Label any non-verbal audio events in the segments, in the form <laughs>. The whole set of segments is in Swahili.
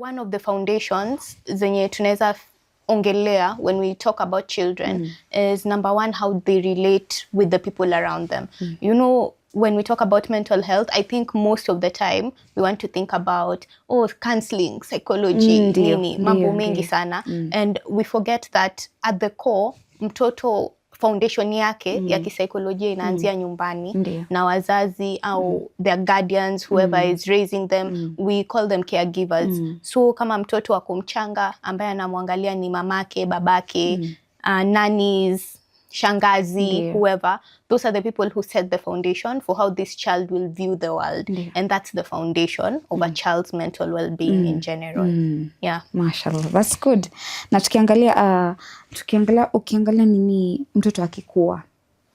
One of the foundations zenye tunaweza ongelea when we talk about children mm. is number one how they relate with the people around them mm. you know when we talk about mental health I think most of the time we want to think about oh counseling psychology mm, nini mambo mengi sana mm. and we forget that at the core mtoto foundation yake mm. ya kisaikolojia inaanzia mm. nyumbani Ndiyo. na wazazi au mm. their guardians whoever mm. is raising them mm. we call them caregivers mm. so kama mtoto wa kumchanga ambaye anamwangalia ni mamake babake mm. uh, nannies mm shangazi yeah. whoever those are the people who set the foundation for how this child will view the world yeah. and that's the foundation of mm. a child's mental well-being mm. in general mm. yeah mashallah that's good na tukiangalia uh, tukiangalia ukiangalia nini mtoto akikua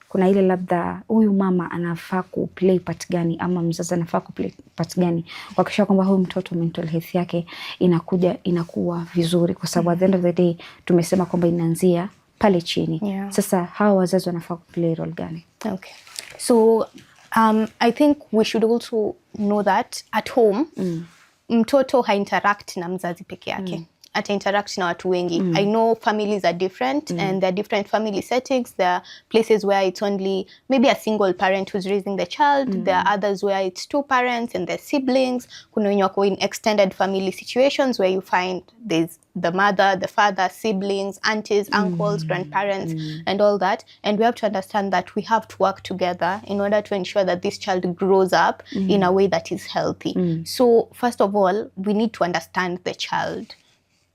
kuna ile labda huyu mama anafaa kuplay part gani ama mzazi anafaa kuplay part gani kuhakikisha kwamba huyu mtoto mental health yake inakuja inakuwa vizuri kwa sababu mm. at the end of the day tumesema kwamba inaanzia pale chini yeah. Sasa hawa wazazi wanafaa kuplay role gani? Okay. So um, I think we should also know that at home mm. mtoto hainteract na mzazi peke yake mm atainteract na watu wengi mm. I know families are different mm. and there different family settings there are places where it's only maybe a single parent who's raising the child mm. there are others where it's two parents and their siblings kuna wenye wako in extended family situations where you find there's the mother the father siblings aunties mm. uncles mm. grandparents mm. and all that and we have to understand that we have to work together in order to ensure that this child grows up mm. in a way that is healthy mm. so first of all we need to understand the child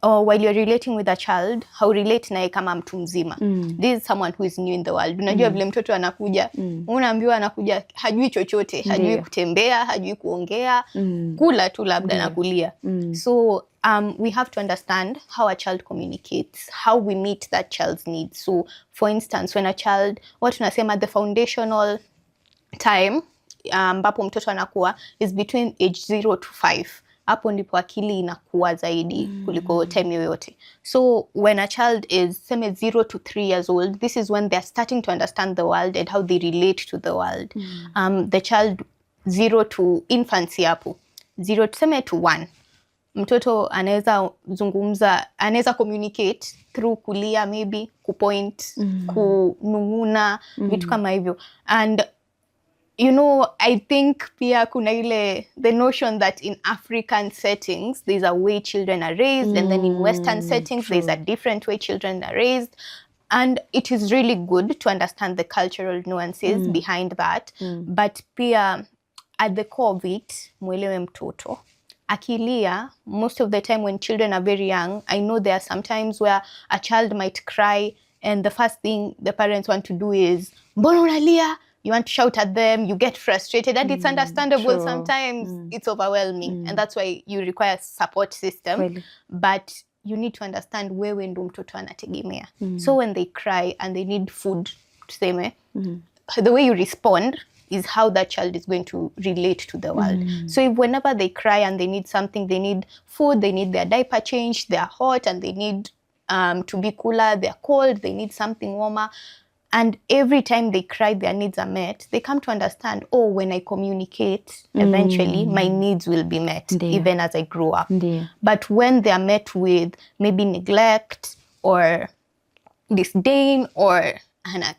or while you're relating with a child how relate naye kama mtu mzima mm. This is someone who is new in the world. Unajua mm. vile mtoto anakuja mm. unaambiwa anakuja hajui chochote, hajui Ndiyo. kutembea, hajui kuongea mm. kula tu labda na kulia mm. so um, we have to understand how a child communicates, how we meet that child's needs. So for instance when a child what tunasema the foundational time um, ambapo um, mtoto anakuwa is between age 0 to 5 hapo ndipo akili inakuwa zaidi mm. kuliko time yoyote. So when a child is seme zero to three years old, this is when they are starting to understand the world and how they relate to the world. Mm. Um, the child zero to infancy hapo zero tuseme to one mtoto anaweza zungumza, anaweza communicate through kulia, maybe kupoint, mm. kunung'una, mm. vitu kama hivyo and you know I think pia kuna ile the notion that in African settings there's a way children are raised mm, and then in mm, Western settings true. there's a different way children are raised and it is really good to understand the cultural nuances mm. behind that mm. but pia at the core of it mwelewe mtoto akilia most of the time when children are very young I know there are sometimes where a child might cry and the first thing the parents want to do is mbona unalia you want to shout at them, you get frustrated, and mm, it's understandable. True. Sometimes mm. it's overwhelming, mm. and that's why you require support system. Really? But you need to understand wewe ndo mtoto anategemea. Mm. So when they cry and they need food, mm. the way you respond is how that child is going to relate to the world. Mm. So if whenever they cry and they need something, they need food, they need their diaper changed, they are hot and they need um, to be cooler, they are cold, they need something warmer And every time they cry, their needs are met. They come to understand, oh, when I communicate, mm. eventually my needs will be met, Ndiyo. even as I grow up. Ndiyo. But when they are met with maybe neglect or disdain or ana,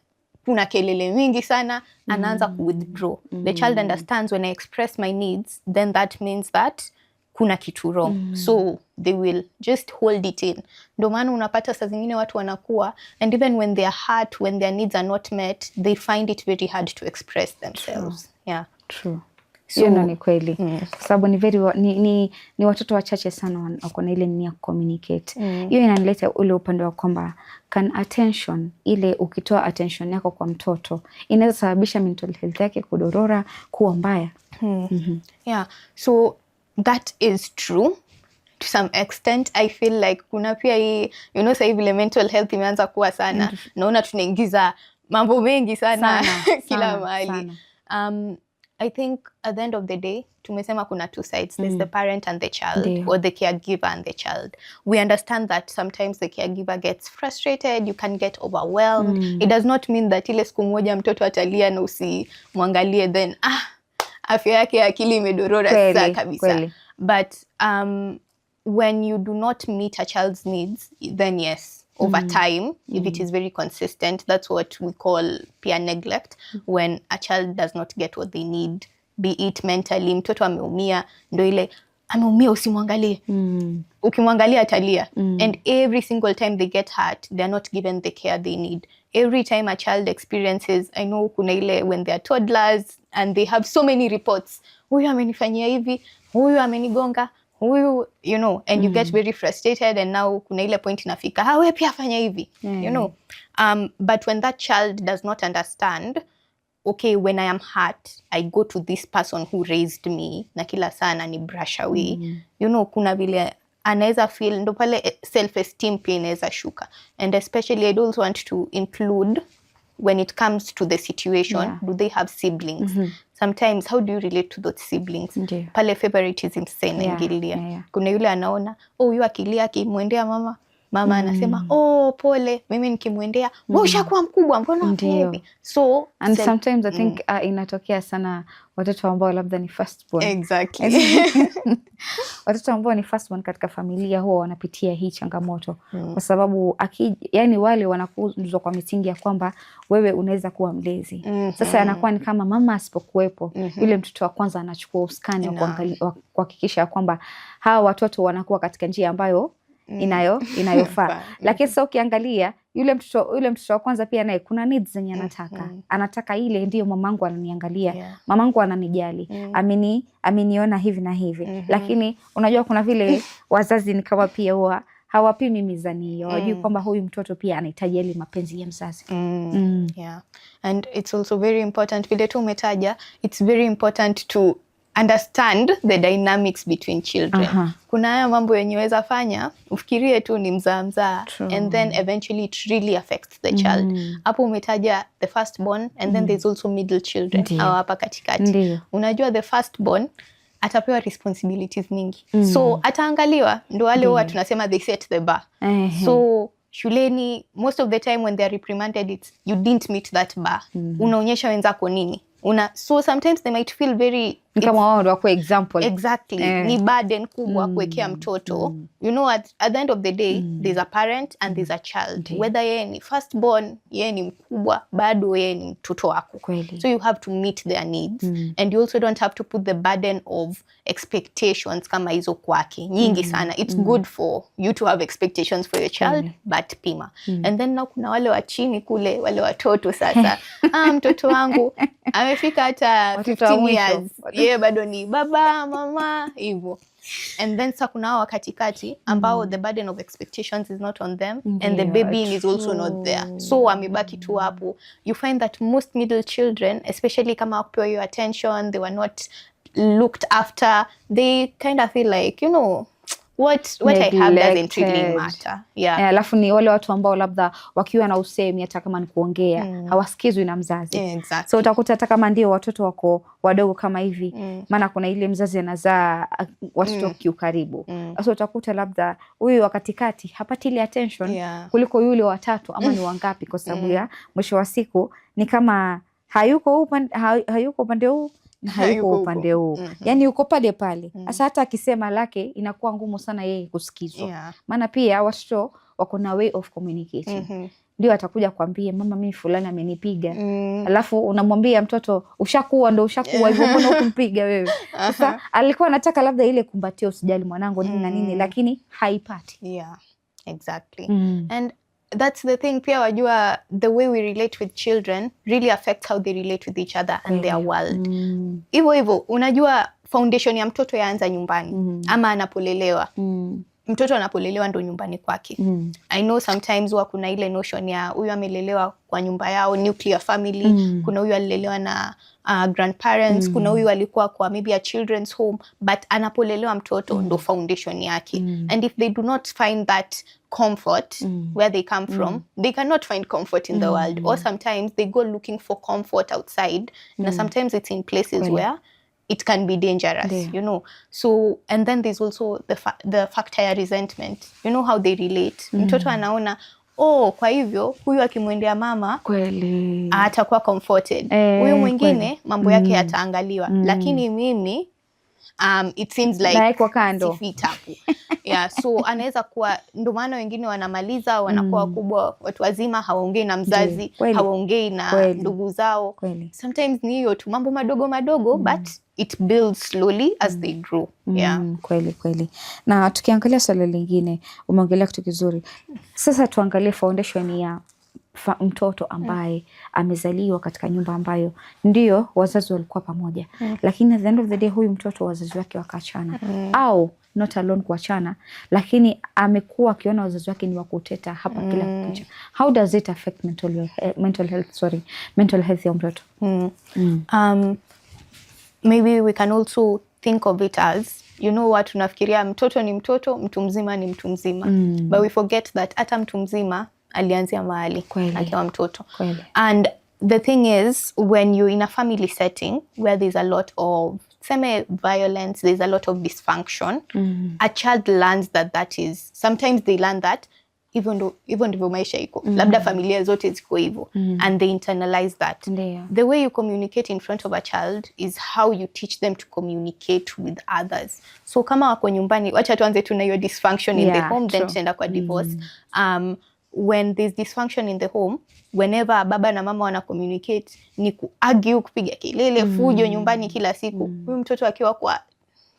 kuna kelele mingi sana, anaanza mm. kuwithdraw. Mm. The child understands when I express my needs, then that means that kuna kitu wrong mm. so they will just hold it in. Ndo maana unapata saa zingine watu wanakuwa and even when they are hurt, when their needs are not met they find it very hard to express themselves. True. Yeah. True. So, ndo ni kweli mm. kwa sababu ni, very ni, ni, ni watoto wachache sana wako na ile nia kucommunicate mm. hiyo inanileta ule upande wa kwamba can attention ile, ukitoa attention yako kwa mtoto inaweza sababisha mental health yake kudorora, kuwa mbaya mm. mm -hmm. Mhm. yeah. so that is true to some extent I feel like kuna pia hii you know, sahii vile mental health imeanza kuwa sana mm -hmm. Naona tunaingiza mambo mengi sana, sana <laughs> kila mahali um, I think at the end of the day tumesema kuna two sides there's the mm. parent and the child yeah. or the caregiver and the child we understand that sometimes the caregiver gets frustrated you can get overwhelmed mm. It does not mean that ile siku moja mtoto atalia na usimwangalie then ah afya yake ya akili imedorora sasa kabisa kweli. But um, when you do not meet a child's needs then yes over mm. time if it mm. is very consistent that's what we call peer neglect mm. when a child does not get what they need be it mentally mtoto ameumia ndo ile ameumia usimwangalie. mm. Ukimwangalia atalia. mm. And every single time they get hurt they are not given the care they need. Every time a child experiences, I know kuna ile when they are toddlers and they have so many reports, huyu amenifanyia hivi, huyu amenigonga huyu you know and mm. you get mm. very frustrated and now kuna ile point inafika, awe ah, pia afanya hivi mm. you know um, but when that child does not understand okay when I am hurt I go to this person who raised me na kila sana ni brush away mm. you know, kuna vile anaweza feel ndo pale eh, self esteem pia inaweza shuka and especially I don't want to include when it comes to the situation yeah. do they have siblings mm -hmm. sometimes how do you relate to those siblings Ndiyo. pale favoritism sana yeah. ingilia yeah, yeah. kuna yule anaona oh huyu akilia akimwendea mama mama anasema mm. Oh, pole. Mimi nikimwendea mm. we ushakuwa mkubwa, mbona hivi? So and said, sometimes I think mm. uh, inatokea sana watoto ambao labda ni firstborn exactly. <laughs> <laughs> watoto ambao ni firstborn katika familia huwa wanapitia hii changamoto mm. kwa sababu aki, yani wale wanakuzwa kwa misingi ya kwamba wewe unaweza kuwa mlezi mm -hmm. Sasa anakuwa ni kama mama asipokuwepo mm -hmm. yule mtoto wa kwanza anachukua usukani wa kuhakikisha kwamba hawa watoto wanakuwa katika njia ambayo Mm. inayo inayofaa <laughs> lakini sasa ukiangalia yule mtoto yule mtoto wa kwanza pia naye kuna needs zenye anataka mm -hmm. anataka ile ndiyo mamangu ananiangalia yeah. mamangu ananijali mm -hmm. ameni ameniona hivi na hivi mm -hmm. lakini unajua kuna vile <laughs> wazazi ni kama pia huwa hawapimi mizani hiyo wajui mm. kwamba huyu mtoto pia anahitaji yale mapenzi ya mzazi mm. Mm. Yeah. And it's also very important vile tu umetaja it's very important to understand the dynamics between children. Uh -huh. Kuna haya mambo yenye weza fanya ufikirie tu ni mzaa mzaa and then eventually it really affects the child. Mm. Hapo mm. umetaja the first born and mm. then there's also middle children au hapa katikati. Ndiyo. Unajua the first born atapewa responsibilities nyingi mm. so ataangaliwa, ndo wale huwa tunasema they set the bar uh -huh. so shuleni most of the time when they are reprimanded it's you didn't meet that bar mm. unaonyesha wenzako nini una so sometimes they might feel very ni kama wao ndio kwa example exactly eh. Ni burden kubwa mm. kuwekea mtoto mm. you know at, at the end of the day mm. there's a parent and mm. there's a child De. whether yeye ni first born, yeye ni mkubwa bado yeye ni mtoto wako Kweli. so you have to meet their needs mm. and you also don't have to put the burden of expectations kama hizo kwake nyingi mm. sana it's mm. good for you to have expectations for your child mm. but pima mm. and then na kuna wale wa chini kule wale watoto sasa <laughs> ah, mtoto wangu amefika hata 15 years <laughs> yeye bado ni baba mama hivyo and then sa kuna wa katikati ambao mm. the burden of expectations is not on them yeah, and the baby is also not there so wamebaki tu hapo you find that most middle children especially kama wakupewa your attention they were not looked after they kind of feel like you know what what I have doesn't really matter. Yeah. Eh, alafu ni wale watu ambao labda wakiwa na usemi hata kama ni kuongea mm. hawasikizwi na mzazi. Yeah, exactly. So utakuta hata kama ndio watoto wako wadogo kama hivi mm. maana mm. kuna ile mzazi anazaa ah, watoto mm. kiukaribu mm. so utakuta labda huyu wa katikati hapati ile attention yeah. kuliko yule watatu ama ni <laughs> wangapi, kwa sababu mm. ya mwisho wa siku ni kama hayuko upande hayuko upande huu hayuko upande huo mm -hmm. Yani yuko pale pale mm hasa -hmm. Hata akisema lake inakuwa ngumu sana yeye kusikizwa yeah. Maana pia watoto wako na way of communicating mm -hmm. Ndio atakuja kwambie mama, mimi fulani amenipiga mm. Alafu unamwambia mtoto ushakuwa, ndo ushakuwa hivyo, mbona <laughs> ukumpiga wewe? Sasa alikuwa anataka labda ile kumbatia, usijali mwanangu, nini na nini, mm. lakini haipati yeah. Exactly. Mm. And that's the thing pia wajua the way we relate with children really affects how they relate with each other and their mm. world hivo mm. unajua foundation ya mtoto yaanza nyumbani mm. ama anapolelewa mm mtoto anapolelewa ndo nyumbani kwake. Mm. I know sometimes huwa kuna ile notion ya huyu amelelewa kwa nyumba yao nuclear family. Mm. Kuna huyu alilelewa na uh, grandparents. Mm. Kuna huyu alikuwa kwa maybe a children's home but anapolelewa mtoto mm. ndo foundation yake. Mm. And if they do not find that comfort mm. where they come mm. from mm. they cannot find comfort in mm. the world or sometimes they go looking for comfort outside mm. na sometimes it's in places Kwele. where it can be dangerous yeah. you know so and then there's also the, fa the factor ya resentment you know how they relate mm. mtoto anaona oh kwa hivyo huyu akimwendea mama kweli atakuwa comforted eh, huyu eh, mwingine mambo yake mm. yataangaliwa mm. lakini mimi um, it seems like si Yeah, so <laughs> anaweza kuwa ndio maana wengine wanamaliza wanakuwa mm. wakubwa watu wazima, hawaongei na mzazi, hawaongei na ndugu zao. Sometimes ni hiyo tu mambo madogo madogo mm. but it builds slowly as they mm. grow. Yeah. Mm, kweli kweli. Na tukiangalia swala lingine, umeongelea kitu kizuri. Sasa tuangalie foundation ya mtoto mm. ambaye mm. amezaliwa katika nyumba ambayo ndio wazazi walikuwa pamoja mm. lakini at the end of the day huyu mtoto wazazi wake wakaachana mm. au not alone kuachana, lakini amekuwa akiona wazazi wake ni wakuteta hapa mm. kila kukicha. How does it affect mental, eh, mental health, sorry, mental health ya mtoto mm. mm. um, maybe we can also think of it as you know what, tunafikiria mtoto ni mtoto, mtu mzima ni mtu mzima mm. but we forget that hata mtu mzima alianzia mahali akiwa mtoto and the thing is when you're in a family setting where there's a lot of seme violence there's a lot of dysfunction mm. a child learns that that is sometimes they learn that hivyo ndivyo maisha iko mm. labda mm-hmm. familia zote ziko hivyo mm. and they internalize that Ndia. the way you communicate in front of a child is how you teach them to communicate with others so kama wako nyumbani wacha tuanze tuna hiyo dysfunction in yeah, the home true. then tutaenda kwa divorce mm. um, when there's dysfunction in the home whenever baba na mama wana communicate ni kuargue, kupiga kelele, mm. fujo mm. nyumbani kila siku mm. huyu mm. mtoto akiwa kwa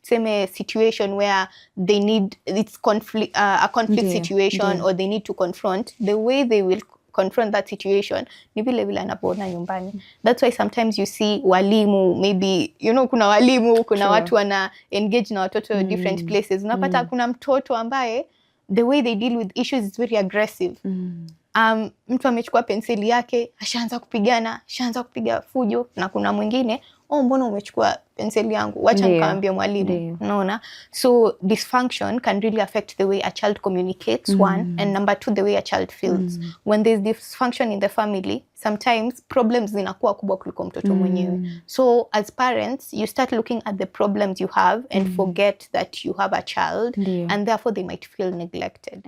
seme situation where they need it's conflict, uh, a conflict yeah. situation yeah. or they need to confront the way they will confront that situation ni vile vile anapoona nyumbani. Mm. That's why sometimes you see walimu maybe you know, kuna walimu kuna sure. watu wana engage na watoto mm. different places unapata mm. kuna mtoto ambaye the way they deal with issues is very aggressive. Mm. um, mtu amechukua penseli yake ashaanza kupigana, ashaanza kupiga fujo, na kuna mwingine oh, mbona umechukua penseli yangu, wacha nikamwambie mwalimu. Unaona, so dysfunction can really affect the way a child communicates mm. one and number two the way a child feels mm. when there's dysfunction in the family sometimes problems zinakuwa kubwa kuliko mtoto mm-hmm. mwenyewe mm. so as parents you start looking at the problems you have and mm. forget that you have a child Dio. and therefore they might feel neglected.